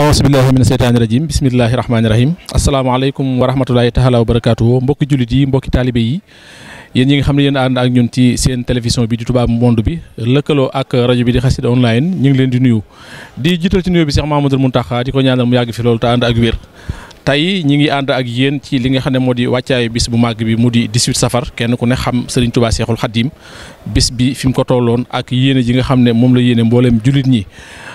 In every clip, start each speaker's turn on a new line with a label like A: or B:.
A: aawsu billaahi mina seytaani rajim bismillaahi rahmaani rahim asalaamaaleykum wa rahmatulahi taala wa barakaatu mbokki jullit yi mbokki taalibe yi yéen ñi nga xam ne yéen ànd ak ñun ci seen télévision bi di Touba Monde bi lëkkaloo ak rajo bi di xasida online ñu ngi leen di nuyu di jiital ci nuyu bi Cheikh Mamadou Mountakha di ko ñaanal mu yàgg fi loolu te ànd ak wér tey ñi ngi ànd ak yéen ci li nga xam ne moo di wàccaayu bis bu màgg bi mu di 18 sa kenn ku ne xam Serigne Touba Cheikhoul Khadim bis bi fi mu ko tolloon ak yéene ji nga xam ne moom la yéene mbooleem jullit ñi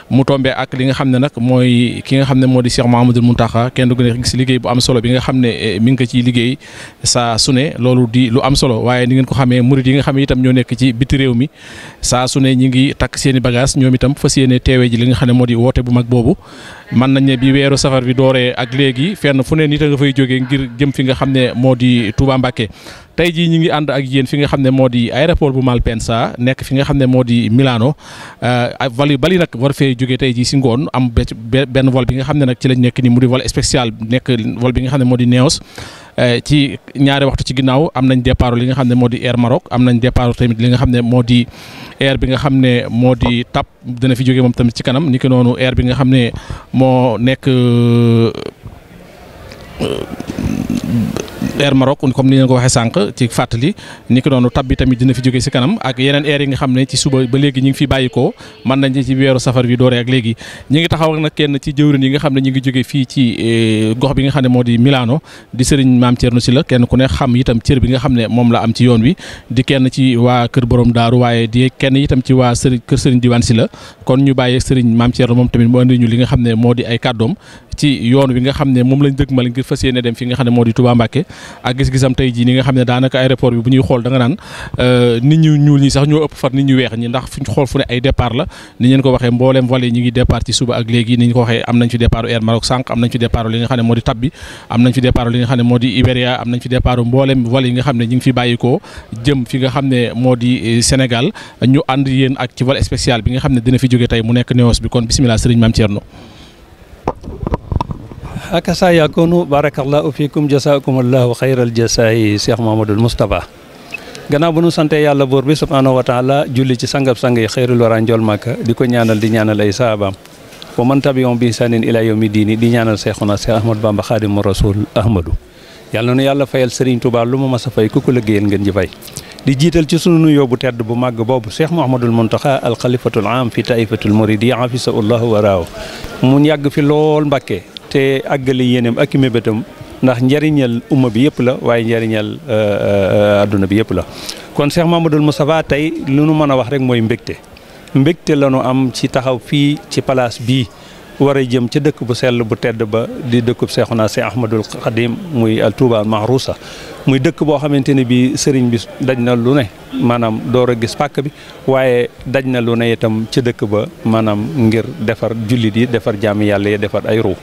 A: mu tombé ak li nga xam ne nag mooy ki nga xam ne moo di Cheikh Mahamadul Muntaxa kenn du gën a gis liggéey bu am solo bi nga xam ne eh, mi ngi ko ciy liggéey saa su ne loolu di lu am solo waaye ni ngeen ko xamee murid yi nga xam ne itam ñoo nekk ci biti réew mi saa su ne ñi ngi takk seen i bagage ñoom itam fas yéene teewee ji li nga xam ne moo di woote bu mag boobu mën nañ ne bi weeru safar bi dooree ak léegi fenn fu ne nit a nga fay jógee ngir jëm fi nga xam ne moo di Touba Mbacké tey jii ñu ngi ànd ak yéen fi nga xam ne moo di aéroport bu Malpensa nekk fi nga xam ne moo di Milano euh, vol bali nag war fee jógee tey ji si ngoon am benn vol bi nga xam ne nag ci lañ nekk ni mu di vol spécial nekk vol bi nga xam ne moo di Neos Euh, ci ñaari waxtu ci ginnaaw am nañ départ li nga xam ne moo di air Maroc am nañ départ tamit li nga xam ne moo di air bi nga xam ne moo di TAP dina fi jóge moom tamit ci kanam ni noonu air bi nga xam ne moo nekk. Euh, air Maroc comme ni leen ko waxee sànq ci fàttali ni ko noonu tab bi tamit dina fi jóge si kanam ak yeneen air yi nga xam ne ci suba ba léegi ñu ngi fi bàyyikoo mën nañ ci weeru safar bi dooree ak léegi ñi ngi taxaw na kenn ci jëwrin yi nga xam ne ñu ngi jóge fii ci e, gox bi nga xam ne moo di Milano di sëriñ Maam Thierno Sylla kenn ku ne xam itam cër bi nga xam ne moom la am ci yoon wi di kenn ci waa kër borom daaru waaye di kenn itam ci waa sëriñ kër sëriñ si la kon ñu bàyyee sëriñ Maam Thierno moom tamit mu andi ñu li nga xam ne moo di ay kàddoom ci yoon wi nga xam ne moom lañ dëgmal ngir fas yéene dem fi nga xam ne moo di Touba Mbacké ak gis-gisam tey jii ni nga xam ne daanaka aéroport bi bu ñuy xool da nga naan euh, nit ñu ñuul ñi sax ñoo ëpp far nit ñu weex ñi ndax fu ñu xool fu ne ay la ni ngeen waxee mbooleem volet ñi ngi départ ci suba ak léegi ni ñu ko waxee am nañ fi départ Air Maroc sànq am nañ fi départ li nga xam ne moo di tab bi am nañ fi départ li nga xam ne moo di Iberia am nañ fi départ mbooleem volet yi nga xam ne ñi ngi fi bàyyikoo jëm fi nga xam ne moo di euh, Sénégal ñu ànd yéen ak ci volet spécial bi nga xam ne dina fi jóge tey mu nekk Neos bi kon bismillah sëriñ
B: hakasa yakunu barakallahu fikum jasakumullahu xayral jasaayi Cheikh Mamadou Moustapha gannaaw bu nu sante yàlla buur bi subhaanahu wa taala julli ci sangab-sang yi xayrul wara njool di ko ñaanal di ñaanal ay saabaam wa man tabion bi sanin ila yawmi diini di ñaanal Seexuna Seex Ahmad Bamba Xaadimu Rasuul Ahmadu yàlla na nu yàlla fayal Serigne Touba lu ma mas a fay ku ko liggéeyal ngeen ji fay di jiital ci sunu nuyoo bu tedd bu màgg boobu Cheikh Mouhamadul Mountakha al xalifatul am fi taifatul muridiya afisahu llahu waraaw mun yàgg te àggali yéeneem ak i mébétam ndax njariñal umma bi yëpp la waaye njariñal euh, euh, adduna bi yëpp la kon Cheikh Mamadou Moustapha tey lu nu mën a wax rek mooy mbégte mbégte la nu am ci taxaw fii ci place bii war a jëm ca dëkk bu sell bu tedd ba di dëkku dëkkub naa Seex Ahmadul Xadim muy al Touba Mahrousa muy dëkk boo xamante ne bii sëriñ bi daj na lu ne maanaam door a gis pàkk bi waaye daj na lu ne itam ca dëkk ba maanaam ngir defar jullit yi defar jaami yàlla yi defar ay ruux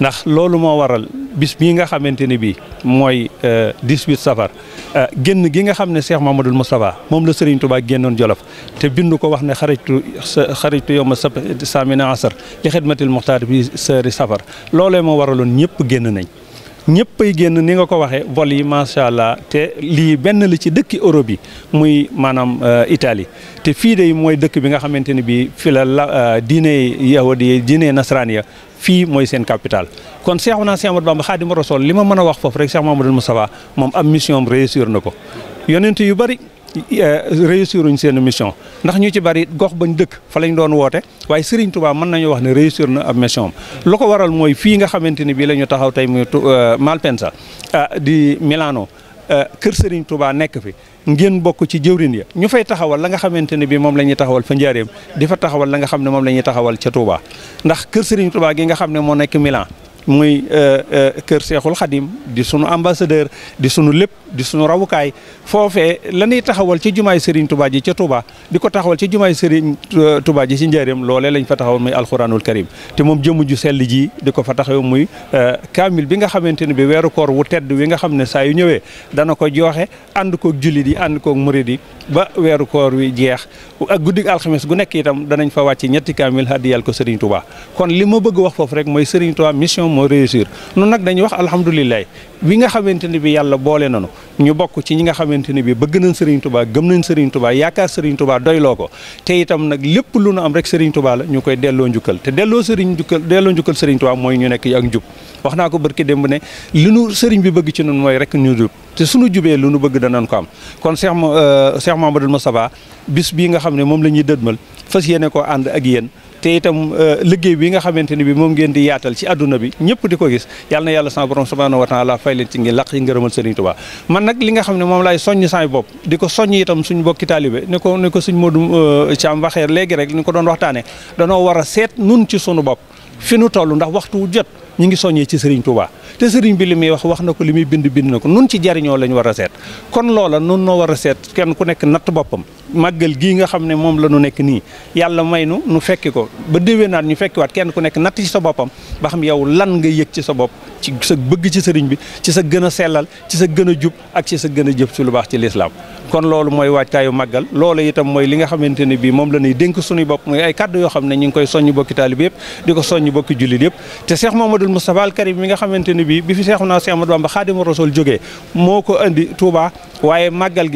B: ndax loolu moo waral bis bii nga xamante ne bii mooy 18 euh, safar euh, génn gi nga xam ne ma Cheikh Mamadou Moustapha moom la Serigne Touba génnoon Jolof te bind ko wax ne xaritu xaritu yow ma sa saamina asar li xidmatil muxtaar bi sëri safar loole moo waraloon ñëpp génn nañ. ñëppay génn ni nga ko waxee vol yi macha allah te lii benn li ci dëkk Europe yi muy maanaam euh, itali te fii de mooy dëkk bi nga xamante ni bii fi la la euh, diine yahudi diine nasaraan ya fii mooy seen capital kon Cheikh naa Cheikh Amadou Bamba Xaadimu Rasuul li ma mën a wax foofu rek Cheikh Mamadou Moustapha moom am mission am réussir na ko yonent yu bari Eh, réussir uñ seen mission ndax ñu ci bari gox bañ dëkk fa lañu doon woote waaye Serigne Touba mën nañu wax ne réussir na am mission am lu ko waral mooy fii nga xamante ni bii la ñu taxaw tey muy eh, Malpensa eh, di Milano kër Serigne Touba nekk fi ngeen bokk ci jëwrin ya ñu fay taxawal la nga xamante ne bi moom la ñuy taxawal fa njaareem di fa taxawal la nga xam ne moom lañuy taxawal ca Touba ndax kër Serigne Touba gi nga xam ne moo nekk Milan muy kër Seexul Xadim di sunu ambassadeur di suñu lépp di suñu rawukaay foofee la ñuy taxawal ci jumaay Serigne tubaa ji ca tubaa di ko taxawal ci jumaay Serigne euh, Touba ji ci njaareem loolee lañ fa taxawal muy alxuraanul karim te moom jëmm ju sell ji di ko fa taxaw muy euh, kaamil bi nga xamante ne bi weeru koor wu tedd wi nga xam ne saa yu ñëwee dana ko joxe ànd koog jullit yi ànd koog murid yi ba weeru koor wi jeex ak guddig alxames gu nekk itam danañ fa wàcc ñetti kaamil hadiyal ko Serigne Touba kon li ma bëgg wax foofu rek mooy Serigne mission moo réussir noonu nag dañuy wax alhamdulilah bi nga xamante ne bi yàlla boole nanu ñu bokk ci ñi nga xamante ne bi bëgg nañ Serigne Touba gëm nañ Serigne tubaa yaakaar Serigne Touba doyloo ko te itam nag lépp lu nu am rek Serigne tubaa la ñu koy delloo njukkal te delloo Serigne njukkal delloo njukkal Serigne Touba mooy ñu nekk ak njub wax naa ko barki démb ne li nu Serigne bi bëgg ci nun mooy rek ñu jub te suñu jubee lu nu bëgg danañ ko am kon Cheikh euh, Cheikh Mamadou Moustapha bis bii nga xam ne moom la ñuy dëdmal fas yéene ko ànd ak yéen te itam euh, liggéey bi nga xamante ni bi moom ngeen di yaatal ci àdduna bi ñëpp di ko gis yàlla na yàlla sama borom subhanahu wa taala fay leen ci ngi laq yi ngërëmal Sëriñ Tuubaa man nag li nga xam ne moom laay soññ saay bopp di ko soññ itam suñ bokki taalibe ni ko ni ko suñ Modou euh, Thiam waxee léegi rek ni ko doon waxtaane danoo war a seet nun ci suñu bopp fi nu toll ndax waxtu wu jot ñu ngi soññee ci Serigne Touba te Serigne bi li muy wax wax na ko li muy bind bind na ko nun ci jariñoo lañ war a seet kon loola nun noo war a seet kenn ku nekk natt boppam màggal gii nga xam ne moom la nu nekk nii yàlla may nu nu fekki ko ba déwénaat ñu fekkiwaat kenn ku nekk natt ci sa boppam ba xam yow lan nga yëg ci sa bopp ci sa bëgg ci sëriñ bi ci sa gën a sellal ci sa gën a jub ak ci sa gën a jëf ci lu baax ci lislaam kon loolu mooy waajtaayu maggal loolu itam mooy li nga xamante ne bii moom la ñuy dénk suñuy bopp muy ay kàddu yoo xam ne ñu ngi koy soññ bokki taalib yëpp di ko soññ bokki jullit yëpp te Cheikh m Moustapha ko indi Touba waaye màggal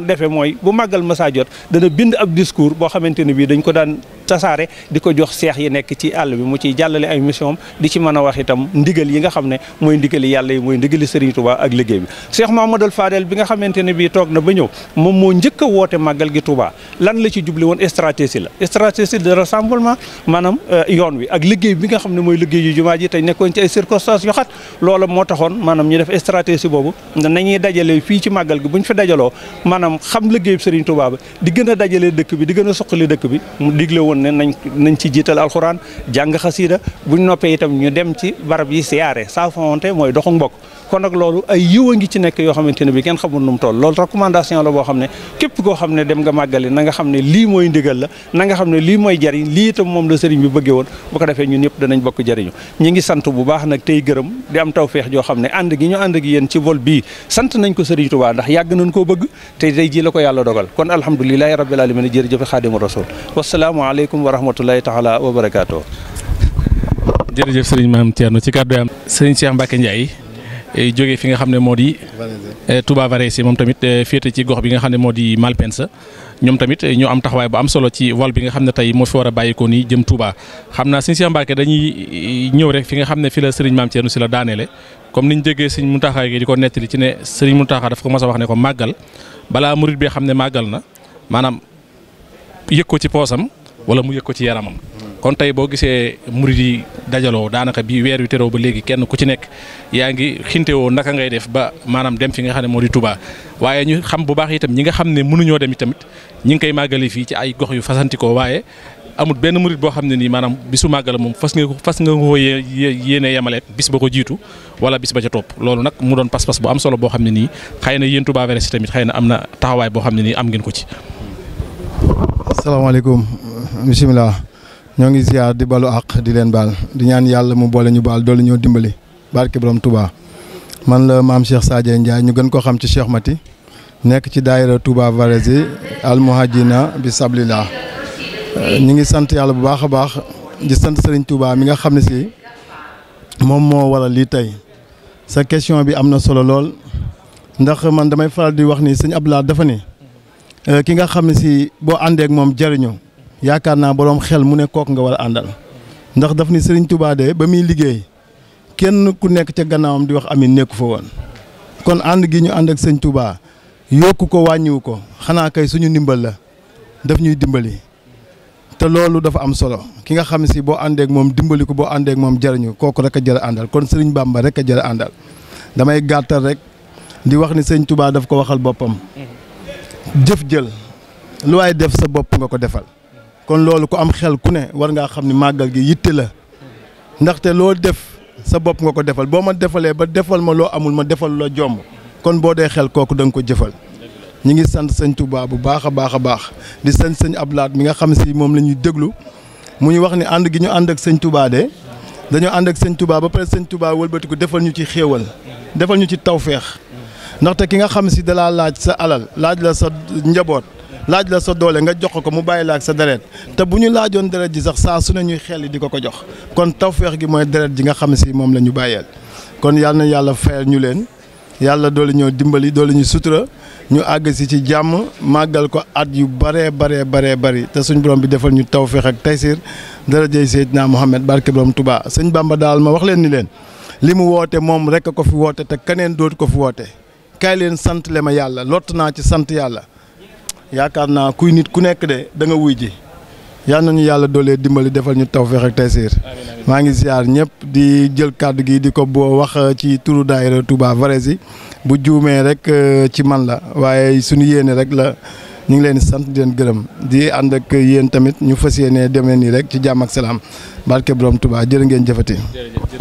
B: daan defee mooy bu màggal masaa jot dana bind ab discours boo xamante ne bii dañu ko daan tasaare di ko jox seex yi nekk ci àll bi mu ciy jàllale ay mission di ci mën a wax itam ndigal yi nga xam ne mooy ndigali yàlla yi mooy ndigali Serigne Touba ak liggéey bi Seex Mamadou Fadel bi nga xamante ne bii toog na ba ñëw moom moo njëkk a woote màggal gi Touba lan la ci jubli woon stratégie la stratégie de rassemblement euh, yoon wi ak liggéey bi nga xam ne mooy liggéey yu jumaa ji tey nekkoon ci ay circonstances yu xat loola moo taxoon maanaam ñu def stratégie boobu nañuy dajale fii ci màggal gi buñ fi dajaloo maanaam xam liggéey Serigne Touba ba di gën a dajale dëkk bi di gën a suqali dëkk bi mu woon ne nañ nañ ci jiital alxuraan jàng xasiida buñ noppee itam ñu dem ci barab yi siyaare saa fonte mooy doxu mbokk kon nag loolu ay yiw a ngi ci nekk yoo xamante ne bi kenn xamul nu mu toll loolu recommandation la boo xam ne képp koo xam ne dem nga màggali na nga xam ne lii mooy ndigal la na nga xam ne lii mooy jariñ lii itam moom la sëriñ bi bëggee woon bu ko defee ñun ñëpp danañ bokk jariñu ñi ngi sant bu baax nag tey gërëm di am tawfeex joo xam ne ànd gi ñu ànd gi yéen ci vol bi sant nañ ko sëriñ Tuubaa ndax yàgg nañ koo bëgg te tey ji la ko yàlla dogal kon alhamdulilahi rabbil alamin jërëjëf xaadimu rasul wasalaamu aleykum wa rahmatullahi taala wa barakaatu
A: jërëjëf sëriñ maam Thierno ci kàddu am sëriñ Cheikh Mbacke Ndiaye Eh, jógee fi nga xam ne moo di eh, Touba Varese moom tamit eh, féete ci gox bi nga xam ne moo di Malpensa ñoom tamit ñoo am taxawaay bu am solo ci wal bi nga xam ne tey moo fi a bàyyikoo nii jëm xam naa sëñ Cheikh dañuy ñëw rek fi nga xam ne fi la sëriñ Maam si la daaneele comme niñ déggee sëñ Mountakha gi di ko nettali ci ne sëriñ Mountakha dafa ko mas a wax ne ko màggal balaa murit bi xam ne màggal na maanaam yëg ko ci poosam wala mu yëg ko ci yaramam kon tey boo gisee murid yi dajaloo daanaka bi weer wi teroo ba léegi kenn ku ci nekk yaa ngi xintewoo naka ngay def ba maanaam dem fi nga xam ne moo di Touba waaye ñu xam bu baax itam ñi nga xam ne mënuñoo dem itamit ñi ngi koy màggale fii ci ay gox yu fasantikoo waaye amul benn murid boo xam ne nii maanaam bisu màggale moom fas nga fas nga ko yéene yemaleek bis ba ko jiitu wala bis ba ca topp loolu nag mu doon pas-pas bu am solo boo xam ne nii xëy na yéen Touba Veres tamit xëy na am na taxawaay boo xam ne nii am ngeen ko ci.
C: asalaamaaleykum bisimilah. ñoo ngi ziar di balu àq di leen baal di ñaan yàlla mu boole ñu baal doolu ñoo dimbali barke borom Touba man la maam Cheikh Sadio Ndiaye ñu gën ko xam ci Cheikh Mati nekk ci daayira Touba Varese almuhajina bi sablillah euh, ñu ngi sant yàlla bu baax a baax di sant Serigne Touba mi nga xam ne si moom moo waral lii tey sa question bi am na solo lool ndax man damay faral di wax ni sëñ Abdoulaye dafa ni euh, ki nga xam ne si boo àndeek moom jëriñoo yaakaar naa boroom xel mu ne kook nga war a àndal ndax daf ni sëriñ tubaa de ba muy liggéey kenn ku nekk ca gannaawam di wax amin nekku fa woon kon ànd gi ñu ànd ak sëñ Touba yokk ko wàññiwu ko xanaa kay suñu ndimbal la daf ñuy dimbali te loolu dafa am solo ki nga xam si boo àndeek moom dimbali ko boo àndeek moom jariñu kooku rek a jar àndal kon baam ba rek a jar àndal damay gàttal rek di wax ni sëñ tubaa daf ko waxal boppam
D: mm-hmm.
C: jëf jël def sa bopp nga ko defal. kon loolu ku am xel ku ne war ngaa xam ni màggal gi yitte la ndaxte loo def sa bopp nga ko defal boo ma defalee ba defal ma loo amul ma defal la jomb kon boo dee xel kooku da nga ko jëfal ñi ngi sant sëñ Touba bu baax a baax a baax di sant sëñ Ablaat mi nga xam si moom la ñuy déglu mu ñu wax ni ànd gi ñu ànd ak sëñ Touba de dañoo ànd ak sëñ Touba ba pare sëñ Touba wëlbatiku defal ñu ci xéewal defal ñu ci tawféex ndaxte ki nga xam si dalaa laaj sa alal laaj la sa njaboot laaj la sa doole nga jox ko mu bàyyi la ak sa deret te bu ñu laajoon deret ji sax saa su ne ñuy xel di ko ko jox kon tawféex gi mooy deret ji nga xam si moom la ñu bàyyeel kon yal na yàlla fayal ñu leen yàlla doole ñoo dimbali doole ñu sutura ñu àgg si ci jàmm màggal ko at yu baree baree baree bari te suñ borom bi defal ñu tawféex ak taysir darajey Seydina Mohamed barke borom Touba sëñ Bamba daal ma wax leen ni leen li mu woote moom rek ko fi woote te keneen dootu ko fi woote kaay leen sant le ma yàlla lott naa ci sant yàlla yaakaar naa kuy nit ku nekk de da nga wuy ji yal nañu yàlla doolee dimbali defal ñu tawfeex ak taysiir maa ngi ziar ñëpp di jël kàddu gi di ko boo wax euh, ci turu daayira Touba Varese bu juumee rek euh, ci man la waaye suñu yéene rek la ñu ngi leen di sant di leen gërëm di ànd ak yéen tamit ñu fas yéene demee nii rek ci jàmm ak salaam barke borom tubaa jërë ngeen jëfati.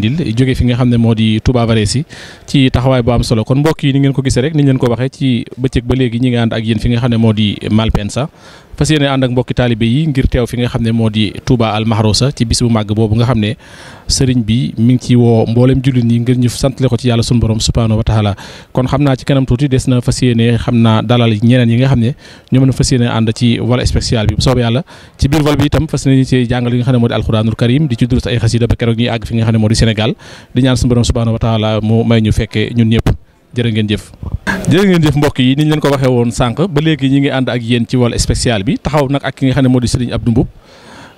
A: jërëjëf jóge fi nga xam ne moo di Touba si ci taxawaay bu am solo kon mbokk yi ni ngeen ko gisee rek ni ñu leen ko waxee ci bëccëg ba léegi ñi nga ànd ak yéen fi nga xam ne moo di malpen sax fas yéene ànd ak mbokki taalibe yi ngir teew fi nga xam ne moo di Touba Almahrousa ci bis bu màgg boobu nga xam ne sëriñ bi mi ngi ci woo mboolem jullit ñi ngir ñu santale ko ci yàlla sunu borom subhaanahu wa taala kon xam naa ci kanam tuuti des na fas yéene xam naa dalal ñeneen yi nga xam ne ñu mën a fas yéene ànd ci vol spécial bi bu soobee yàlla ci biir vol bi itam fas yéene ci yi nga xam ne moo di alxuraanul karim di ci durus ay xasida ba keroog nga xam ne moo di Sénégal di ñaan sunu borom subhaanahu wa ngeen jëf jërë ngeen jëf mbokk yi ni ñu leen ko waxee woon sànq ba léegi ñi ngi ànd ak yéen ci wàll spécial bi taxaw nag ak ki nga xam ne moo di Serigne ab Mboup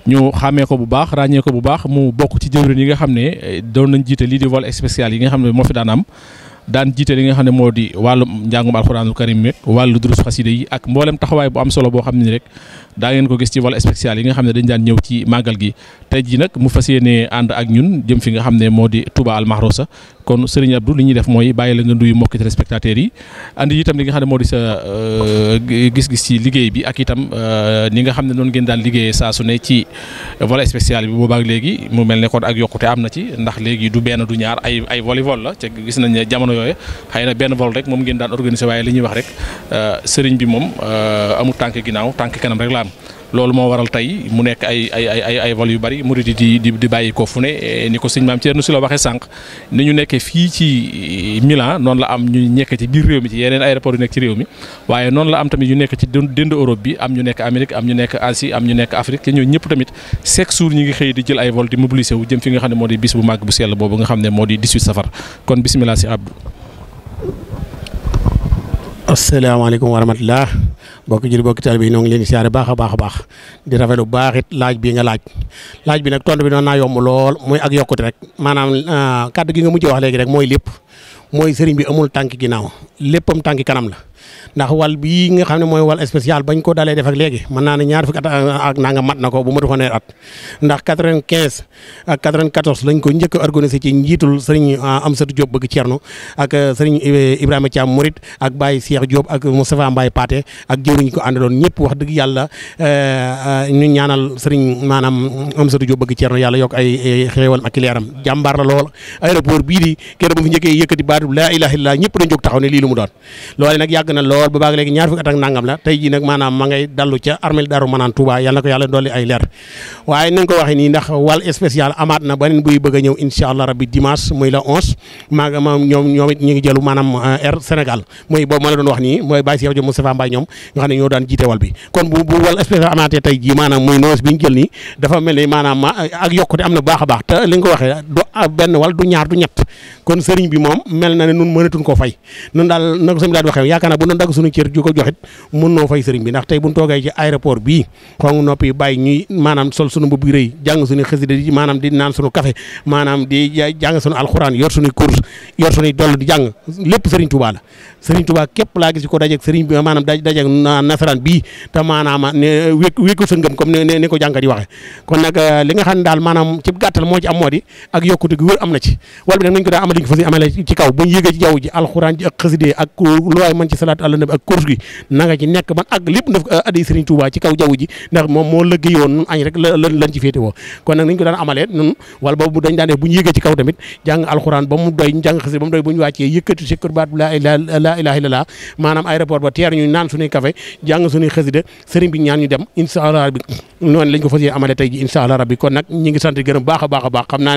A: ñu xàmmee ko bu baax ràññee ko bu baax mu bokk ci jëwriñ yi nga xam ne eh, doon nañ jiite li di wàll spécial yi nga xam ne moo fi daan am daan jiite li nga xam ne moo di wàllum njàngum alxuraanul karim wàllu durus xasida yi ak mboolem taxawaay bu am solo boo xam ne rek daa ngeen ko gis ci vol spécial yi nga xam ne dañ daan ñëw ci màggal gi tey ji nag mu fas yéene ànd ak ñun jëm fi nga xam ne moo di Touba Almahrousa kon Serigne Abdou li ñuy def mooy bàyyi la nga nuyu mbokki téléspectateurs yi andi itam li nga xam ne moo di sa euh, gis-gis ci liggéey bi ak itam euh, ni nga xam ne noonu ngeen daan liggéeye saa su ne ci vol spécial bi boobaak léegi mu mel ne ko ak yokkute am na ci ndax léegi du benn du ñaar ay ay voli vol la te gis nañ ne jamono yooyu xëy na benn vol rek moom ngeen daan organiser waaye li ñuy wax rek euh, Serigne bi moom amul tànk ginnaaw tànk kanam alxuraan loolu moo waral tey mu nekk ay ay ay ay vol yu bari murid yi di di bàyyi ko fu ne eh, ni ko sëñ maam Thierno si la waxee sànq ni ñu nekkee fii ci eh, Milan noonu la am ñu nekk ci biir réew mi ci yeneen aéroport yu nekk ci réew mi waaye noonu la am tamit ñu nekk ci dënd Europe bi am ñu nekk Amérique am ñu nekk Asie am ñu nekk Afrique te ñëpp tamit chaque jour ñi ngi xëy di jël ay vol di mobiliser jëm fi nga xam ne moo di bis bu màgg bu sell boobu nga moo di 18 safar kon
E: bisimilah si Abdou asalaamaaleykum wa rahmatulah mbokki jur mbokki taalibe bi ñoo ngi leen di siyaare baax a baax a baax di rafetlu bu baax it laaj bii nga laaj laaj bi nag tontu bi noonu naa yomb lool muy ak yokkute rek maanaam ah, kàddu gi nga mujj wax léegi rek mooy lépp mooy sëriñ bi amul tànk ginnaaw léppam tànk kanam la. ndax wal bii nga xam ne mooy wal spécial bañ ko dalee def ak léegi mën naa ne ñaar fukki at ak naa nga mat na ko bu matu fanweer at ndax 95 ak 94 lañ ko njëkk a organisé ci njiitul sëriñ ah, Amsatou Diop bëgg Thierno ak euh, sëriñ Ibrahima Thiam Mouride ak Baye Cheikh Diop ak Moustapha Mbaye Paté ak jëwriñ ko àndaloon ñëpp wax dëgg yàlla euh, euh, ñu ñaanal sëriñ maanaam Amsatou Diop bëgg Thierno yàlla yok ay xéewal ak leeram jàmbaar la lool aéroport bii di kenn bu fi njëkkee yëkkati baatu la ilaaha la ñëpp dañ jóg taxaw ne lii lu mu doon na lool bu baax léegi ñaar fukki at ak nangam la tey jii nag maanaam ma ngay dallu ca armel Daaru Manaan Touba yàlla na ko yàlla dolli ay leer waaye nañ ko waxee nii ndax wàll spécial amaat na beneen buy bëgg a ñëw incha allah rabbi dimanche muy la 11 maa nga ma ñoom ñoom it jëlu maanaam eh, air Sénégal mooy boobu ma la doon wax nii mooy Baye Cheikh Diop Moustapha Mbaye ñoom nga xam ne ñoo daan jiite wal bi kon bu bu wàll spécial amaatee tey jii maanaam a benn wal du ñaar du ñett kon sëriñ bi moom mel na ne nun mënatuñ ko fay nun daal na ko sëñ waxee yaakaar naa bu nu dagg suñu cër ju ko joxit mën noo fay sëriñ bi ndax tey buñ toogee ci aéroport bii xongu noppi bàyyi ñuy maanaam sol suñu mbubb yu rëy jàng suñu xasida di maanaam di naan suñu café maanaam di jàng suñu alxuraan yor suñu cours yor suñuy doll di jàng lépp sëriñ Touba la sëriñ Touba képp laa gis ko dajeeg sëriñ bi maanaam dajeeg nasaraan bii te maanaam ne wékku sa ngëm comme ni ko jàngat yi waxe kon nag nga xam ne daal maanaam ci gàttal moo am moo di yokkute gu wër am na ci wal bi nag nañ ko daa amale ñu ko fas amale ba mu doy jàng xaside ba mu doy bu ñu wàccee yëkkati sikkar baat la ilaha illallah sëriñ bi ñaan ñu dem incha allah rabbi noonu lañ ko fas amale tey ji allah rabbi kon nag ñi ngi gërëm baax a baax a xam naa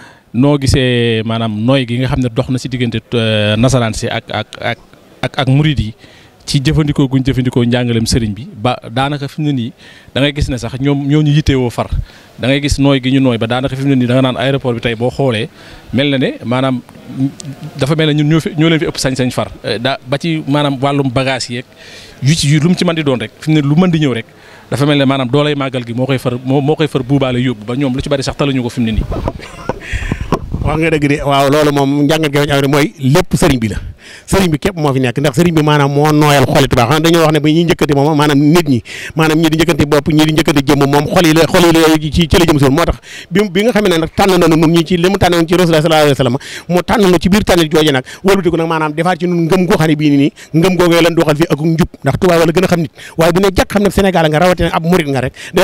A: noo gisee maanaam nooy gi nga xam ne dox na si diggante euh, nasaraan si ak ak ak ak ak murid yi ci jëfandikoo guñ jëfandikoo njàngaleem sëriñ bi ba daanaka fi mu ne nii da ngay gis ne sax ñoom ñoo ñu yittewoo far da ngay gis nooy gi ñu nooy ba daanaka fi mu ne nii danga nga naan aéroport bi tey boo xoolee mel na ne maanaam dafa mel ne ñun ñoo ñoo leen fi ëpp sañ-sañ far euh, daa ba ci maanaam wàllum bagage yeeg yu ci lu mu ci man di doon rek fi ne lu mën di ñëw rek dafa mel ne maanaam doolay màggal gi moo koy far moo koy far buubaale yóbbu ba ñoom
E: lu ci bari sax taluñu ko fi mu ne wax nga waaw loolu moom njàngat gi lañ mooy lépp sëriñ bi la sëriñ bi képp moo fi nekk ndax sëriñ bi maanaam moo nooyal xoli tubaab xam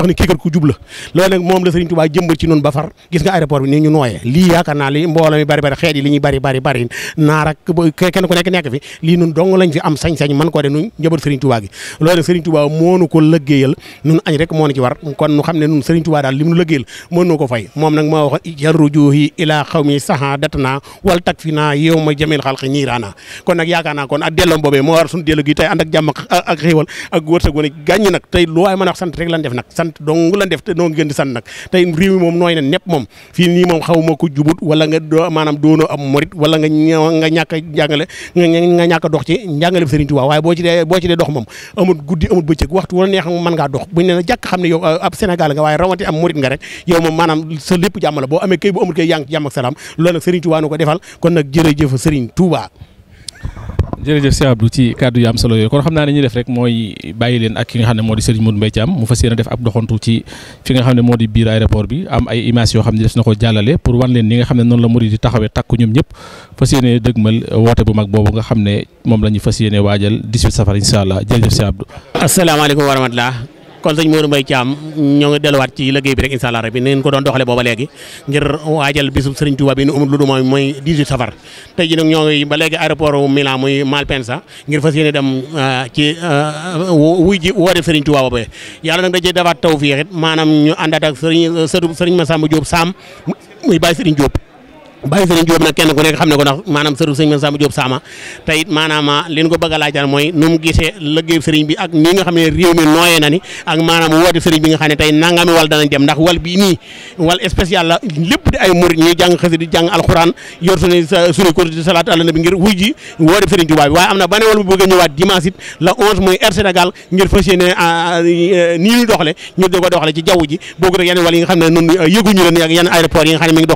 E: ne nag moom la sëriñ Tuubaa jëmbat ci ñun ba far gis nga aéroport bi ni ñu nooyee lii yaakaar naa li mbooloo mi bari bari xeet yi li ñuy bari bari bari naar ak kenn ku nekk nekk fi lii nun dong lañ fi am sañ-sañ man ko de nun njabootu Serigne Touba gi loolu moonu ko lëggéeyal nun añ rek moo ko fay moom nag moo wax jarrujuhi ilaa xawmi saha datana wal tak fi naa yow ma jamil xalqi ñiiraana kon nag yaakaar kon ak delloom boobee moo war suñu dellu gi tey ànd ak jàmm ak ak wërsëg wane gàññ nag tey lu waay mën a sant rek lan def nag sant dong lan def noo ngi sant nag tey wala nga doo maanaam doonoo am murit wala nga nga ñàkk a jàngale nga ñàkk a dox ci njàngale bi Serigne Touba waaye boo ci dee boo ci dee dox moom amul guddi amul bëccëg waxtu wala neex mën ngaa dox buñ ne la jàkk xam ne ab Sénégal nga waaye rawante am murit nga rek yow moom maanaam sa lépp jàmm la boo amee kay bu amul kay yaa ngi ci jàmm salaam loolu nag Serigne Touba nu ko defal kon nag jërëjëf Serigne Touba
A: jërëjëf Cheikh Abdou ci kàddu yu am solo yooyu kon xam naa ne ñuy def rek mooy bàyyi leen ak ki nga xam ne moo di Serigne Modou Mbaye Thiam mu fas yéene def ab doxantu ci fi nga xam ne moo di biir aéroport bi am ay images yoo xam ne def na ko jàllale pour wan ni nga xam ne noonu la murid di taxawee takku ñoom ñëpp fas yéene dëgmal woote bu mag boobu nga xam ne moom la ñu fas yéene waajal 18 safar incha allah jërëjëf Cheikh
E: Abdou. kon sëñ Modou Mbaye Thiam ñoo ngi delluwaat ci liggéey bi rek incha allah rabbi neen ko doon doxale booba léegi ngir waajal bisub sëriñ Touba bi nu umul lu du mooy mooy 18 safar tey ji nag ñoo ngi ba léegi aéroport Milan muy Malpensa ngir fa yéene dem euh, ci euh, wuy ji woore sëriñ Touba boobee yàlla nag da cee defaat taw fii it maanaam ñu àndaat ak sëriñ euh, sëtu sëriñ Massamba Diop Sam muy bàyyi sëriñ Diop bàyyi sëriñ Diop nag kenn ku nekk xam ne ko ndax maanaam sëriñ sëriñ Massamba Diop Sama te ko bëgg a laajal mooy nu mu gisee lëggéey sëriñ bi ak nii nga xam ne réew mi nooyee na ni ak maanaam woote sëriñ bi nga xam ne tey nangami wal danañ dem ndax wal bii nii wal spécial la lépp di ay murit ñuy jàng xasi jàng alxuraan yor suñu suñu côté di salaatu àlla nabi ngir wuy ji woote sëriñ Tuubaa bi waaye am na beneen wal bu bëgg a ñëwaat dimanche la 11 mooy Air Sénégal ngir fas yéene ah, ah, nii ñu doxale ñu di ko doxale ci jaww ji boogu rek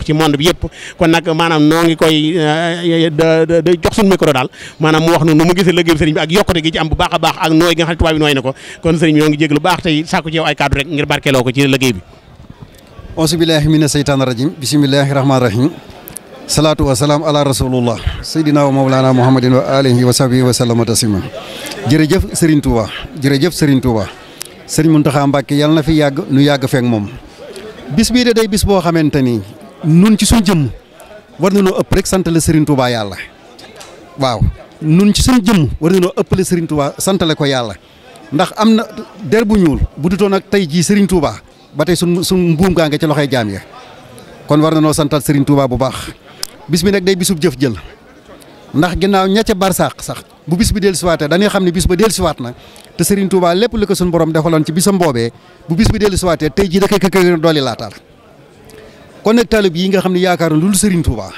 E: yeneen nag maanaam noo ngi koy eh, eh, da jox suñu daal maanaam mu wax nu nu mu gisee liggéey sëriñ bi ak am bu baax a baax ak nooy gi nga xam ne tubaab bi nooy na ko kon sëriñ bi ñoo ngi jéglu baax tey sàkku ci yow ay kàddu rek ngir barkeeloo ko ci liggéey bi
F: ausubillahi mina seytaan rajim bisimilahi rahmaani rahim salaatu wa salaam ala rasulullah saydina wa mawlana muhammadin wa alihi wa sahbihi wa sallama taslima jërëjëf sëriñ Touba jërëjëf fi yàgg nu yàgg feek moom bis bii de day bis boo xamante ni nun ci suñ jëmm war na noo ëpp rek santale Serigne Touba yàlla waaw nun ci suñu jëmm war na noo ëppale sëriñ Touba santale ko yàlla ndax am na der bu ñuul bu dutoon ak tey jii Serigne Touba ba tey suñ suñ mbuum gaa nga ci loxoy jaam ya kon war na noo santal Serigne Touba bu baax bis bi nag day bisub jëf jël ndax ginnaaw ña ca barsàq sax bu bis bi dellusiwaatee dañuy xam ne bis ba dellusiwaat na te Serigne Touba lépp li ko suñu borom defaloon ci bisam boobee bu bis bi dellusiwaatee tey jii da koy kër kon nag taalib yi nga xam ne yaakaar lu dul Serigne Touba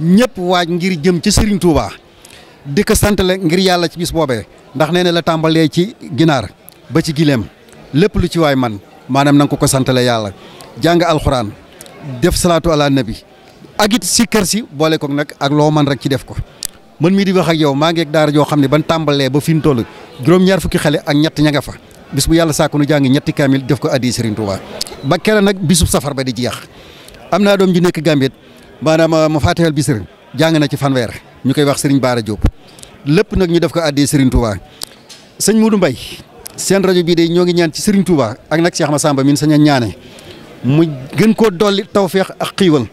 F: ñëpp waaj ngir jëm ci Serigne Touba di ko santale ngir yàlla ci bis boobee ndax nee na la tàmbalee ci ginaar ba ci gileem lépp lu ci waay man maanaam na ko ko santale yàlla jàng alxuraan def salaatu ala nabi ak si kër si boole ko nag ak loo man rek ci def ko. man mii di wax ak yow maa ngeek ak joo xam ne ban tàmbalee ba fi mu toll juróom-ñaar fukki xale ak ñett ña nga fa bis bu yàlla saako nu jàng ñetti kaamil def ko addi Serigne ba keroog nag bisub safar ba di jeex. am naa doom ji nekk Gambie maanaam uh, mu faatihal bisir jàng na ci fanweer ñu koy wax Serigne Bara Diop lépp nag ñu def ko àddee Serigne Touba sëñ Modou mbay seen rajo bii de ñoo ngi ñaan ci Serigne Touba ak nag Cheikh Massamba min sañ a mu gën koo dolli tawféex ak xiiwal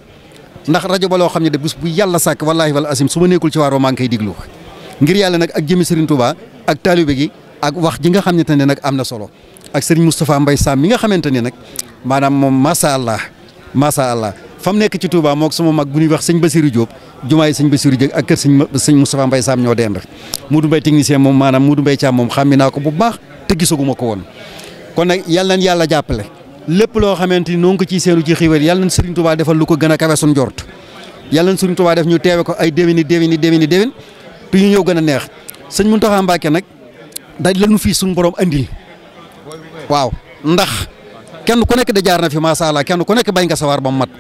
F: ndax rajo ba loo xam ne de bés bu yàlla sàkk wallaahi wal asim su ma nekkul ci waaroo maa ngi koy yàlla nag ak jëmi Serigne Touba ak taalibe gi ak wax ji nga xam ne nag am na solo ak Serigne Moustapha Mbaye Sam mi nga xamante ne nag maanaam moom allah macha allah fa mu nekk ci Touba moog sama mag bu ñuy wax sëñ Basirou Diop jumaay sëñ Basirou Diop ak kër sëñ sëñ Moustapha Mbaye Sam ñoo dend Modou Mbaye technicien moom maanaam Modou Mbaye Thiam moom xàmmi naa ko bu baax te gisaguma ko woon kon nag yàlla nañ yàlla jàppale lépp loo xamante ni noo ngi ko ciy seenu ci xiwér yàlla nañ Serigne Touba defal lu ko gën a kawe suñ jort yàlla nañ Serigne Touba def ñu teewe ko ay déwéni déwéni déwéni déwén te ñu gën a neex sëñ Mountakha Mbacké nag dañ lañu fii suñu borom andil kenn ku nekk da jaar na fi macha kenn ku nekk bay nga sawaar ba mu mat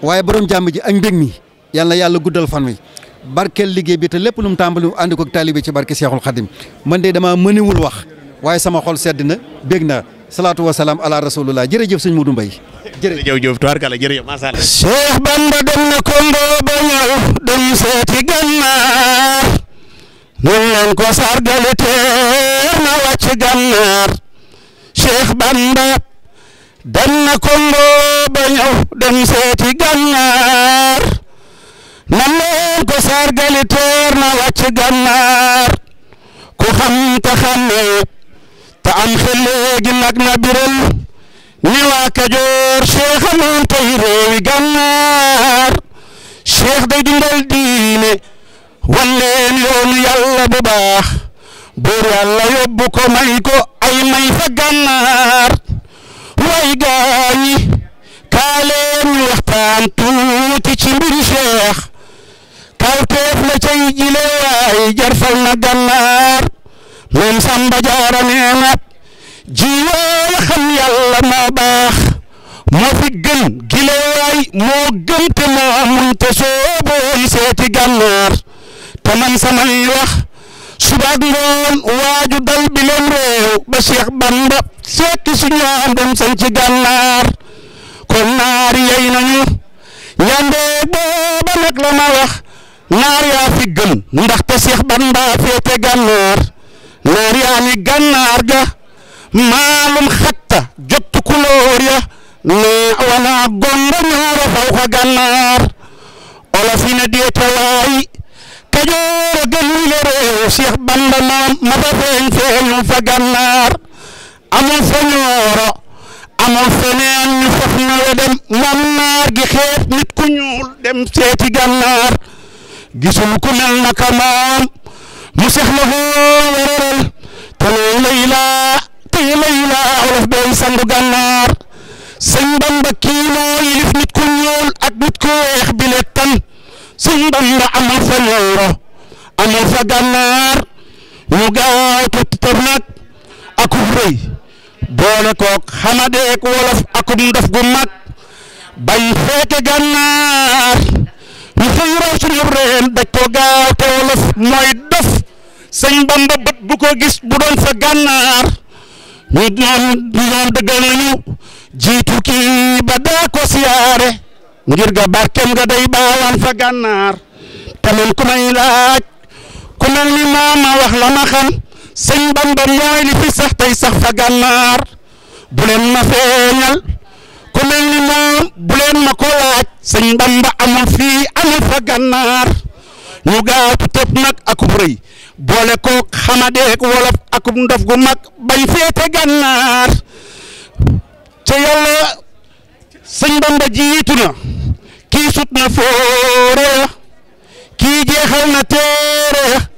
F: waaye borom jàmm ji ak mbég mi yàlla na guddal fan wi barkeel liggéey bi te lépp lu mu tàmbali ànd ko taalibe ci barke Seexul Xadim man de damaa mëniwul wax waaye sama xol sedd na bég na salaatu wa salaam ala rasulullah jërëjëf sëñ Modou Mbaye.
E: jërëjëf jëf tubaarkalla
G: jërëjëf macha allah. Cheikh
F: Bamba dem na Kombo ba ñëw dem seeti gànnaar
G: ñun leen ko sargale teer na wàcc gànnaar Cheikh Bamba. dem na Congo ba ñëw dem seeti gànnaar na leen ko sargali teer na wàcc gànnaar ku xam te xàmme am xel léegi nag ni waa Kajoor Cheikh amoon tey réewi gànnaar Cheikh day diine wan leen yoonu bu baax buur yàlla yóbbu ko may ko ay may fa gànnaar way gaayi kaaleen waxtaan tuuti ci mbir Seex kawteef la cay jile waay jar fal na gannaar moom Samba Jaara nee na jiwoo xam yàlla moo baax moo fi gën gile waay moo gën te moo amun te sooboon seeti gannaar te samay wax subaak ngoon waaju dal bileem réew ba Seex Bamba seeti suñu dem sañ ci gànnaar kon naar yey nañu njàmbee booba nag la ma wax naar yaa fi gën ndaxte Seex Bamba féete gànnaar naar yaa ni gànnaar ga maalum xatta jottu kulóor ya nee wala gonda ñaara faw ko gànnaar olof yi ne déeta waay Kajoor a gën wi le réew Seex ma fa feeñ feeñu fa gànnaar amul fa ñooro amul feneen gi xeet nit ku ñuul dem seeti gànnaar gisul ku mel na ka moom mu sex la foo weral te lay layla tey layla wolof bey sangu gànnaar sëñ Bamba kii moo yilif nit ku ñuul ak nit ku weex bile tan sëñ Bamba amul fa ñooro amul fa gànnaar ñu gaawtu tër boole kook xamadeek wolof akum ndof gu mag bañ feete gànnaar ñu xëy raw suñu reen daj ko gaaw te wolof mooy dof sëñ bamba bët bu ko gis bu doon fa gànnaar ñu ñoom ñoom dëggal nañu jiitu kii ba daa ko siyaare ngir ga barkem nga day baawaan fa gànnaar tamen ku laaj ku mel ni maama wax la ma sëñ Bamba mooy li fi sax tey sax fa gànnaar bu ma feeñal ku mel ni moom bu ma ko laaj sëñ Bamba amul fii amul fa gànnaar ñu gaaw tëb nag akub rëy boole koog xamadeeg wolof akub ndof gu mag bañ féete gànnaar te yàlla sëñ Bamba jiitu na kii sut na foore kii jeexal na téere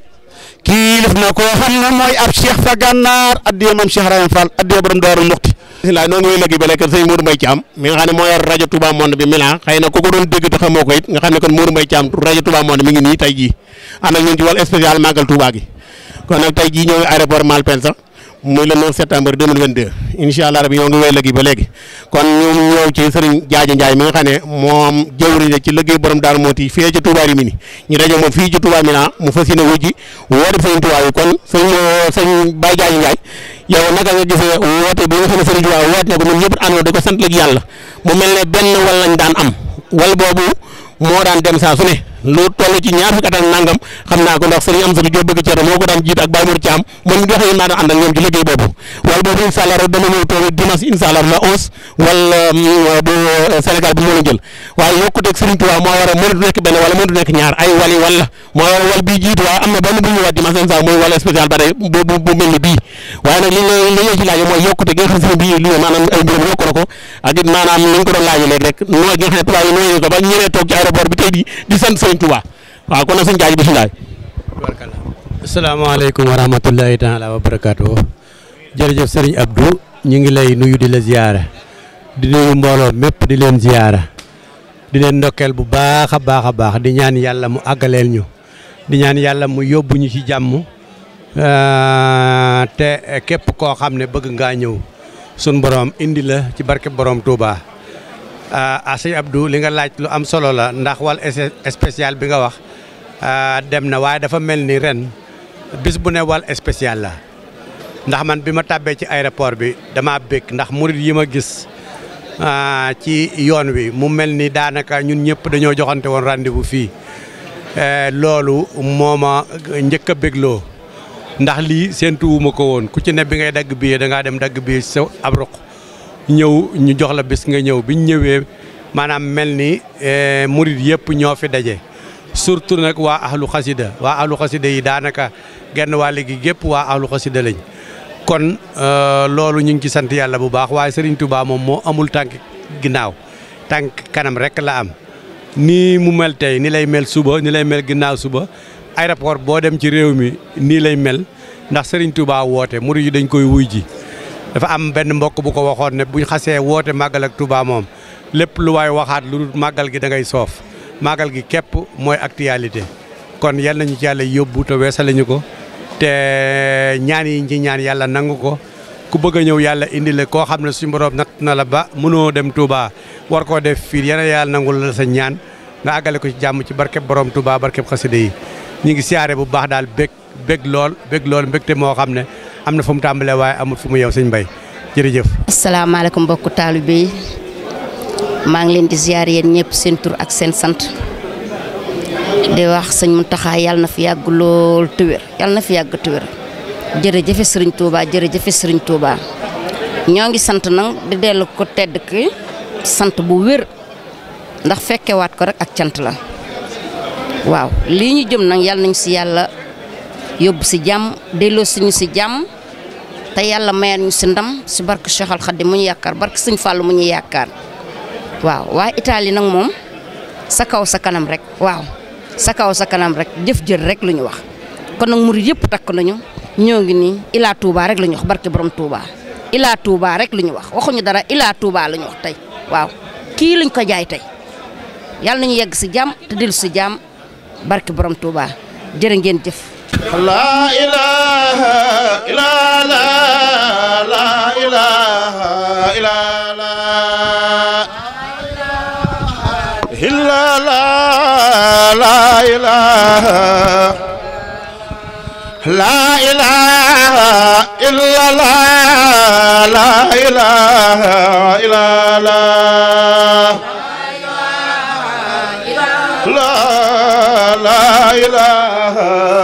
G: yilif na koo xam ne mooy ab cheikh fa gànnaar addiyee mam cheikh Rahim
E: Fall addiyee borom daarul muxti la noo ngi léegi ba léegi sëñ Mourou Mbaye Thiam mi nga xam ne moo yor rajo Touba Monde bi Milan xëy na ko ko doon dégg te xamoo ko nga xam ne kon Mourou Mbaye Thiam rajo Touba Monde mi ngi nii tey jii ànd ak ñun ci wàllu spécial màggal Touba gi kon nag tey jii ñoo ngi aéroport Malpensa muy la 9 septembre 2022 incha allah rabi ñoo ngi wéy léegi ba léegi kon ñu ñëw ci sëriñ Jaaja Njaay mi nga xam ne moom jëwriñ la ci liggéey borom Daaru Mooti fii ci Touba Rimini ñu daje moom fii ci Touba Mina mu fas yéene wujji woote sëriñ Touba yi kon sëñ euh, sëñ Baye Jaaja Njaay yow naka nga gisee woote bi nga xam ne sëriñ Touba woote na ko ñun ñëpp àndoo di ko sant léegi yàlla mu mel ne benn wal lañ daan am wal boobu moo daan dem saa su ne lu toll ci ñaar fukki at ak nangam xam naa ko ndax sëriñ am satu Jóob bëgg cere moo ko daan jiit ak Baye Mor Thiam man mi nga xam ne naa daan ànd ak ñoom ci liggéey boobu wala boobu incha allah rek dama ñëw toog dimanche incha la onze wala mm, bu euh, Sénégal bi moo la jël waaye yokkuteeg a a am na benn bu ñëwaat dimanche incha mooy wala spécial ba bu mel ni bii waaye nag li ñu ci laajee mooy yokkute gi nga xam sëriñ bi li maanaam ay mbiram yokku ko ak it maanaam ni ko doon laajee léegi rek noo gi xam ne toog ci aéroport bi tey sëñ Touba waaw kon nag sëñ Gaaji
H: bisimilah. asalaamaaleykum wa rahmatulahi taala wa barakaatu. jërëjëf Serigne Abdou ñu ngi lay nuyu di la ziyaara di mbooloo mépp di leen ziyaara di leen ndokkeel bu baax a baax a baax di ñaan yàlla mu àggaleel ñu di ñaan yàlla mu yóbbu ñu ci jàmm te képp koo xam ne bëgg ngaa ñëw sun boroom indi la ci barke borom Touba. Euh, a ah, sëñ Abdou li nga laaj lu am solo la ndax wal spécial bi nga wax euh, dem na waaye dafa mel ni ren bis bu ne wal spécial la ndax man bi ma tàbbee ci aéroport bi damaa bëgg ndax murit yi ma gis euh, ci yoon wi mu mel ni daanaka ñun ñëpp dañoo joxante woon rendez-vous fii loolu moo njëkk a bégloo ndax lii seentuwuma ko woon ku ci ne bi ngay dagg billet da ngaa dem dagg billet ci sa ab ruq ñëw ñu jox la bis nga ñëw bi ñu ñëwee maanaam mel ni e, murid yëpp ñoo fi daje surtout nag waa ahlu xasida waa ahlu xasida yi daanaka genn waa léegi gépp waa ahlu xasida lañ kon e, loolu ñu ngi ci sant yàlla bu baax waaye Serigne Touba moom moo amul tànk ginnaaw tànk kanam rek la am nii mu mel tey ni lay mel suba ni lay mel ginnaaw suba aéroport boo dem ci réew mi nii lay mel ndax Serigne Touba woote murid yi dañ koy wuy ji dafa am benn mbokk bu ko waxoon ne buñ xasee woote màggal ak Touba moom lépp lu waay waxaat lu màggal gi da ngay soof màggal gi képp mooy actualité kon yal nañu ci yàlla yóbbu te weesale ñu ko te ñaan yi ci ñaan yàlla nangu ko ku bëgg a ñëw yàlla indile koo xam ne suñu borom natt na la ba mënoo dem Touba war koo def fii yeneen na yàlla nangul la sa ñaan nga àggale ko ci jàmm ci barkeb borom Touba barkeb xasida yi ñu ngi siyaare bu baax daal bég bég lool bég mbégte moo xam ne. am na fu mu tàmbalee waaye amul fu mu yow sëñ Mbay jërëjëf.
I: asalaamaaleykum mbokku taalibe bi maa ngi leen di ziar yéen ñëpp seen tur ak seen sant di wax sëñ taxaa yàlla na fi yàgg lool te wér na fi yàgg te wér jërëjëf sëriñ Touba jërëjëf sëriñ Touba ñoo ngi sant nag di dellu ko tedd ki sant bu wér ndax fekkewaat ko rek ak cant la waaw lii ñu jëm nag si yàlla yóbbu si jàmm delloo suñu si jàmm te yàlla mayal ñu si ndam si barke Cheikhal Khadim mu ñu yaakaar barke Sëñ Fàllu mu ñu yaakaar waaw waa Italie nag moom sa kaw sa kanam rek waaw sa kaw sa kanam rek jëf jël rek lu ñu wax kon nag murid yëpp takk nañu ñoo ngi nii ilaa Touba rek la wax barke borom Touba ilaa Touba rek lu ñu wax waxuñu dara ilaa Touba la ñu wax tey waaw kii lañ ko jaay tey yàlla nañu yegg si jàmm te dellu si jàmm barke borom Touba jërë ngeen jëf. لا
J: إله إلا لا لا إله إلا لا إلا لا لا إله لا إله إلا لا لا إله إلا لا لا إله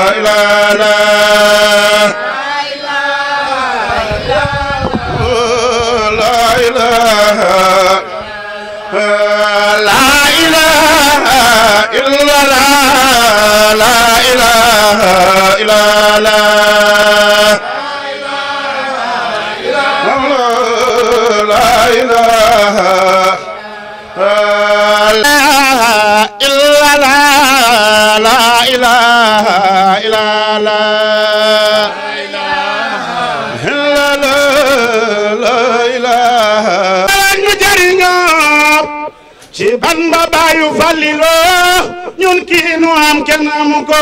G: nun kii nu am kenn amu ko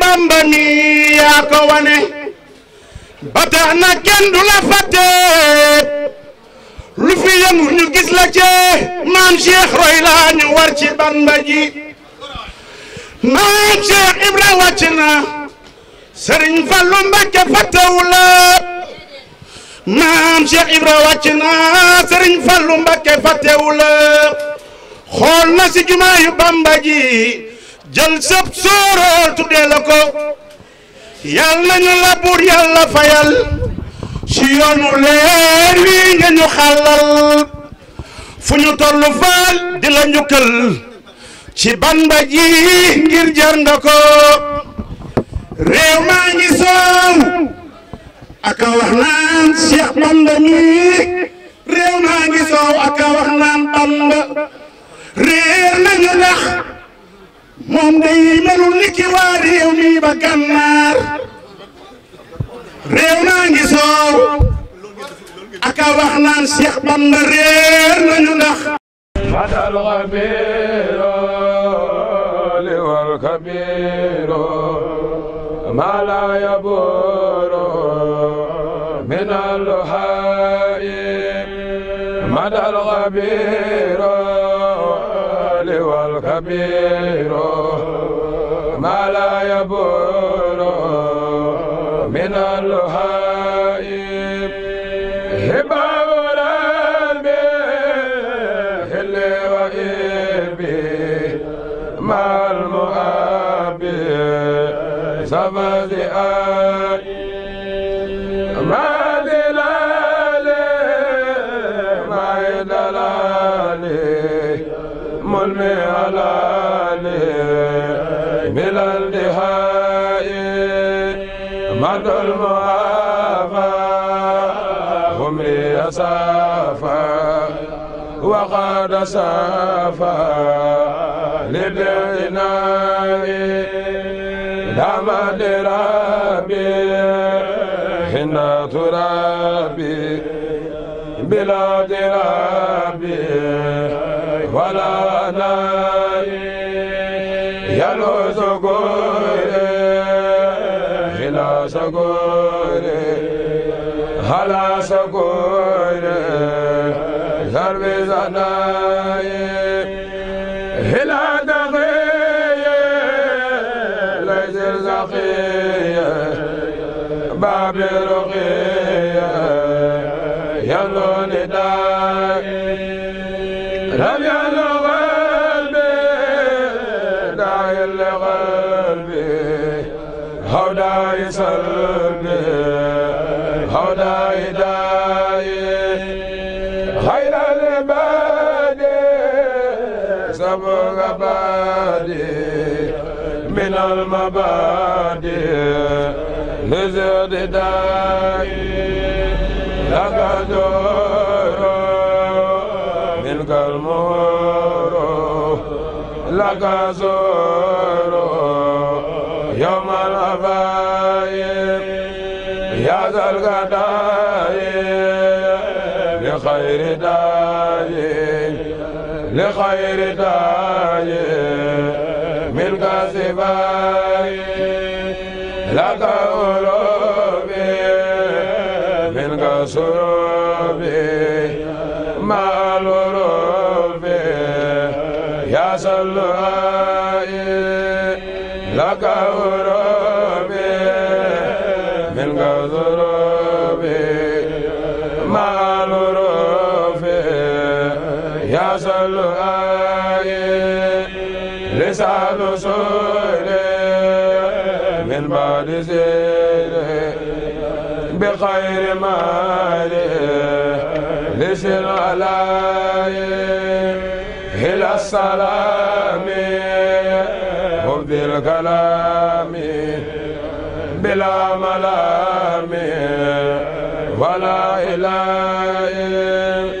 G: Bamba mi yaa ko wane ba na kenn du la fàtte lu fi yëngu ñu gis la ci maam Cheikh roy laa ñu war ci Bamba ji maam Cheikh Ibra wàcc na Sëriñ Fallu Mbàkke fàttewu la maam Cheikh Ibra wàcc na Sëriñ Fallu Mbàkke fàttewu la xool na si jumaa yu jël sëb sóoroo tuddee la ko yàlla nañu la buur fayal si yoonu leer wi nga ñu xàllal fu ñu toll faal di la njukkal ci bamba ngir jar nga maa ngi soow aka wax naan Cheikh Bamba mi réew maa ngi soow aka wax naan Bamba réer nañu ndax moom day melul ni ki waa réew mi ba gànnaar réew naa ngi soow aka wax naan Cheikh Bamba réer nañu ndax
A: matal
K: xabiro li war kabiro ma la yaboro min al haye matal xabiro كبير ما لا يبور من الهائب هبه ما دلالي ما دلالي الظلم على بلا الدهاء مد المعافى عمري أسافى وقد سافى لبعناء دام درابي حين ترابي بلا درابي wala nari yalo sogore hila sogore hala sogore zarbe zanaye hila dagiye lajir zakiye babi rogiye yalo nidaye من المبادئ لزر داعي لك دور منك المهور لك زور الغداء لخير داي لخير داي من كسباي لك قلوبي من كسرور قد سيره بخير ماله لشر عليه إلى السلام وفد الكلام بلا ملام ولا
D: إله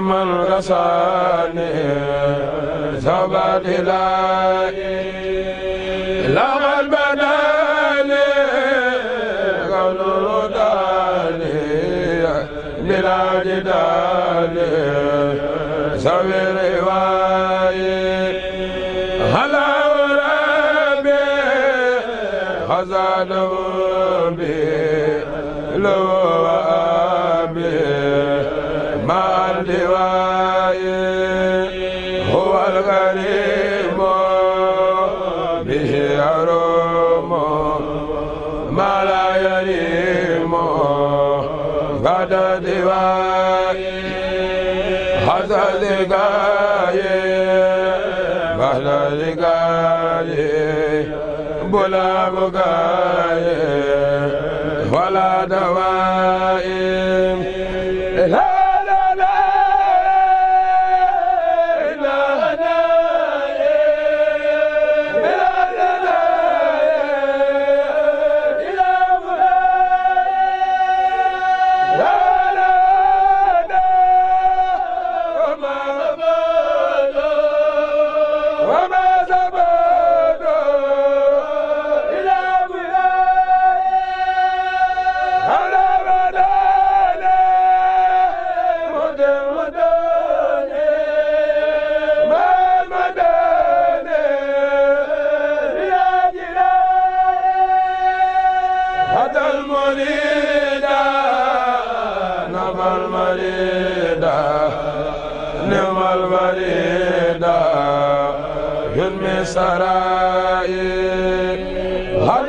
K: من غساني زبد لا لما البدالي قول دالي بلا جدالي سوي رواي هلا وربي خزانه بي لو بلا بقاي ولا دواء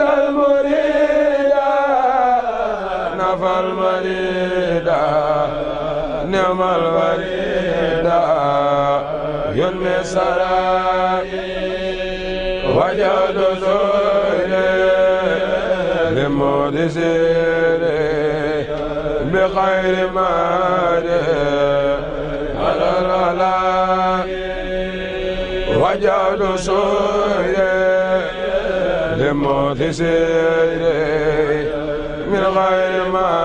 K: المريد نفى المريد نعم الوريد ينمي سرائي وجد
D: زوري
K: لمود سيري بخير مالي على الولاء وجد سوري موت سيري من غير ما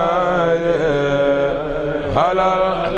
K: على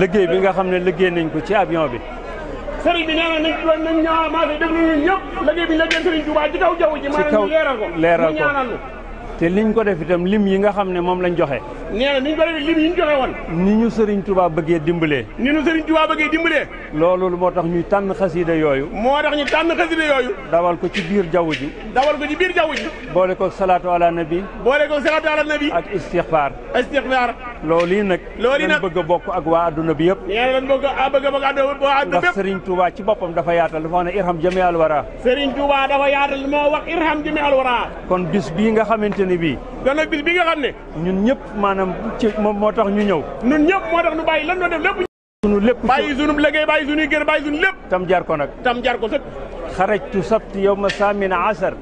B: liggéey bi nga xam ne liggéey nañ ko ci avion bi.
G: sëriñ bi nee na nañ doon ñaa maa ngi déglu ñun ñëpp liggéey bi ñu
E: la gën sëriñ Tuubaa kaw jaww ji. ci kaw leeral ko maanaam ko
B: te liñ ko def itam lim yi nga xam ne moom lañ joxe. nee na ni ñu bëri lim yi ñu joxe woon ni ñu sëriñ Touba bëggee dimbalee ni ñu sëriñ Touba bëggee dimbalee loolu moo tax ñuy tànn xasida yooyu moo tax ñu tànn xasida yooyu dawal ko ci biir jaww ji dawal ko ci biir jaww ji boole ko salaatu ala nabi boole ko salaatu ala nabi ak istixfaar istixfaar loolu yi nag loolu yi nag bëgg a bokk ak waa adduna bi yëpp nee na dañ bëgg a bëgg a bëgg adduna bi ndax sëriñ Touba ci boppam dafa yaatal dafa wax ne irham jami al wara sëriñ Touba dafa yaatal moo wax irham ne bii kon nag bis bii ne ñun ñëpp maanaam ci moom moo tax ñu ñëw. ñun ñëpp moo tax ñu bàyyi lan doon def lépp sunu lépp tam jar ko nag tam jar ko sëkk xarajtu sabt yow ma saamina asar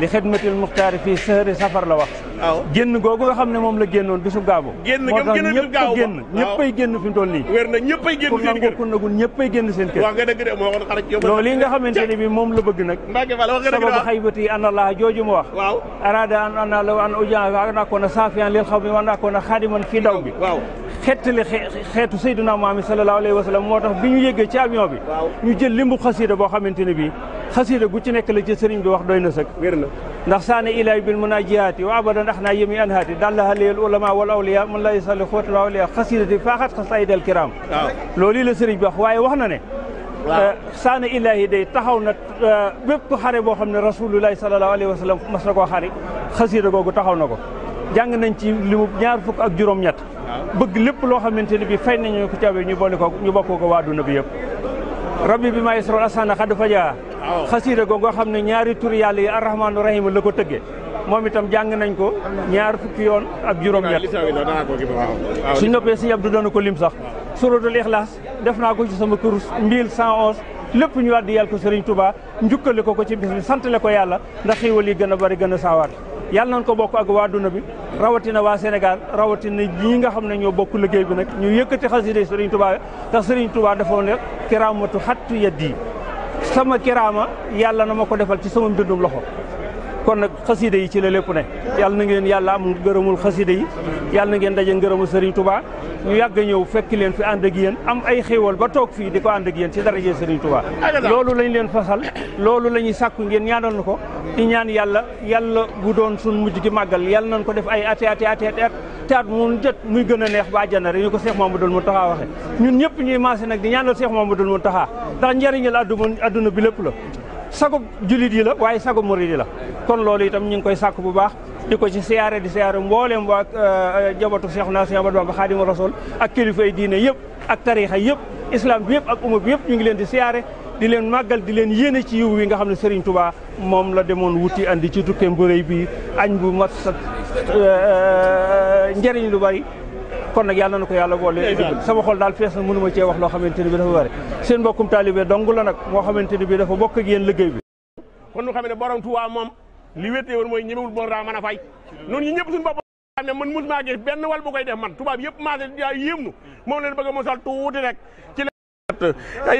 B: li xidmatil muxtaari fii sahri safar la wax waaw génn googu nga xam ne moom la génnoon bisu gaabu génn moo tax ñëpp a génn ñëppay génn fi mu nii wér na ñëppay ku nagul ñëppay génn seen kër moo loolu yi nga xamante ne bi moom la bëgg nag sababu xaybati an allah jooju ma wax waaw araada an ana law an ujan a nakkoon a saafiyan lil xaw mi wa nakkoon a xaadiman fii daw bi xettali xeetu Seydina Muhammad sallallahu alayhi wa sallam moo tax bi ñu yéggee ci avion bi ñu jël limbu xasiida boo xamante ne bii xasiida gu ci nekk la ci sëriñ bi wax doy na sëkk wér na ndax saane ilahi bil munajiati wa abadan ax naa yemi an haati dalla haliyal ulama wal awliya mun lay salli xootul awliya xasiidati faaxat xas aydal kiram loolu yi la sëriñ bi wax waaye wax na ne euh, saana ilahi day taxaw na euh, bépp xare boo xam ne rasulullahi sallallahu alayhi wa sallam mas na koo xari xasiida googu taxaw na ko jàng nañ ci limu ñaar fukk ak juróom-ñett bëgg lépp loo xamante ni bi fay nañu ko cawe ñu boole ko ñu bokkoo ko waa duna bi yëpp rabbi bi maa yasrool asana xad faja xasiida googu nga xam ne ñaari tur yàlla yi arrahmaanu rahim la ko tëggee moom itam jàng nañ ko ñaar fukki yoon ak juróom ñett su noppee si yab du doon ko lim sax suratul ixlaas def naa ko ci sama kurus mille cent onze lépp ñu wàddi yàlla ko Sëriñ Tuubaa njukkale ko ko ci bis bi santale ko yàlla ndax xiiwal yi gën a bari gën a saawaat yàlla nañ ko bokk ak waa duna bi rawatina waa Sénégal rawatina ñi nga xam ne ñoo bokk liggéey bi nag ñu yëkkati xasida Serigne Touba tax Serigne Touba dafa ne kiraamatu xattu yaddi sama kiraama yàlla na ma ko defal ci sama mbindum loxo kon nag xasida yi ci la lépp ne yàlla na ngeen yàlla amul ngërëmul xasida yi yàlla na ngeen daje ngërëmul Serigne Touba ñu yàgg ñëw fekki leen fi ànd ak yéen am ay xéewal ba toog fii di ko ànd ak yéen ci daraje Serigne Touba loolu lañ leen fasal loolu la ñuy sàkku ngeen ñaanal na ko di ñaan yàlla yàlla bu doon suñ mujj gi màggal yàlla nañ ko def ay ati ati ati at taat mun jot muy gën a neex ba àjjana rek ñu ko Cheikh Mamadou Mountakha waxe ñun ñëpp ñuy maase nag di ñaanal Cheikh Mamadou Mountakha ndax njëriñal adduna bi lépp la sagub jullit yi la waaye sagub murid yi la kon loolu itam ñu ngi koy sàkk bu baax di ko ci siyaare di siyaare mboolem waa euh, euh, jabatu Cheikh naa Cheikh Ahmadou Bamba Xaadimu Rasuul ak kilifa yi diine yëpp ak tariixa yëpp islaam bi yëpp ak umma bi yëpp ñu ngi leen di siyaare di leen màggal di leen yéene ci yiw wi nga xam ne Serigne Touba moom la demoon wuti andi ci tukkee mbërëy bi añ bu mat sa euh, njëriñ lu bari kon nag yàlla na ko yàlla boole sama xol daal fees na mënu ma cee wax loo xamante ni bi dafa bari seen mbokkum taalibe dong la nag moo xamante ni bi dafa bokk ak yéen liggéey bi
E: kon nu a fay noonu ñu ñëpp suñu bopp xam ne gis benn wal bu koy def man tubaab yëpp maa daa yéem nu moom leen bëgg a mosal tuuti rek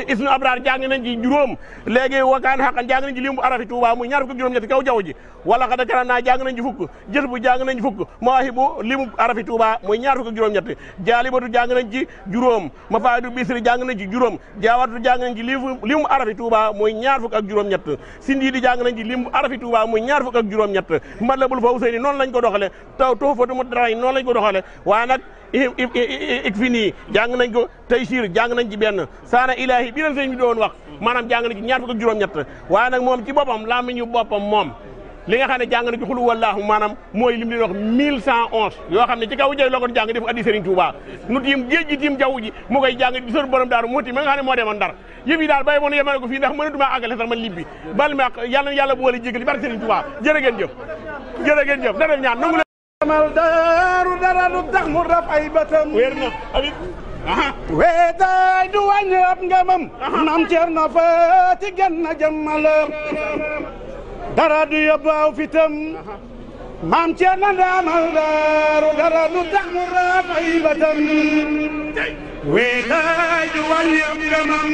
E: Isnu Abraar jàng nañ ci juróom léegi wakaan xaqan jàng nañ ci limu bu arafi Tuuba muy ñaar fukk juróom-ñetti kaw jaww ji wala xada karam naa jàng nañ ci fukk jël bu jàng nañ ci fukk mawaahi bu limu arafi Tuuba muy ñaar fukk juróom-ñetti jaalibatu jàng nañ ci jaawatu jàng nañ arafi Tuuba muy ñaar fukk ak juróom sindiidi jàng nañ arafi Tuuba muy ñaar fukk ak juróom-ñett matlabul fawsayni noonu lañ ko doxale taw tuhfatu mudra'in noonu lañ ko doxale waa nag ik fi nii jàng nañ ko taysir jàng ci benn saana ilaahi bi leen doon wax maanaam jàng na ci ñaar fukk ak waaye nag moom ci boppam laa mi ñu moom li nga xam ne jàng na ci xulu wallaahu maanaam mille cent onze yoo xam ne ci kaw jëy la kon jàng def addi nu tiim géej gi tiim jaww mu koy jàng di sor borom daaru muti ma nga xam ne moo demoon ndar yëf yi daal bay moon yemale ko fii ndax mënatuma àggale sax man lim bal ma yàlla yàlla boole jégal barke Serigne Touba
G: Uh-huh. weetaay du wàññi ab ngemam maam uh-huh. Cerno faati genn jëmmalam dara du yóbbaaw fitam uh-huh. maam Cerno ndaamal daaru dara du tax mu raafay batam weetaay du wàññi ab ngemam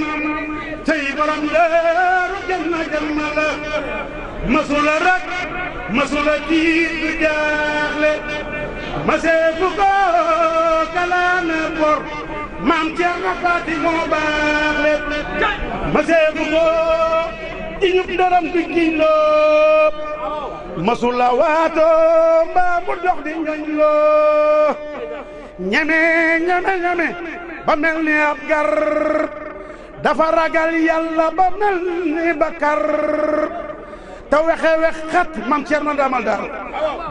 G: tey borom daaru genn jëmmalam masula rak masula tiit du jaaxle masee fu ko kalaana bor maam Thierno Fati moo baax lépp ma seegu moo iñu dërëm di giñ loo masula waatoo mbaa mu dox di ñoñ loo ñeme ñeme ñeme ba mel ni ab gar dafa ragal yàlla ba mel ni bakar te wexe wex xat maam Thierno damal daal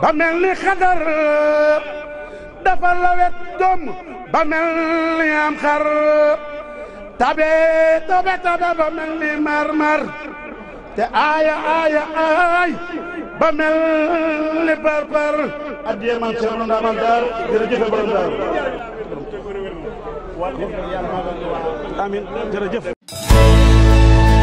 G: ba mel ni xadar dafa la wet ba mel ni am xar tabe tabe tabe ba mel ni marmar te aaya aaya aay ba mel ni parpar addiyee man seenu ndaamal daar jërëjëfe borom daar amin jërëjëf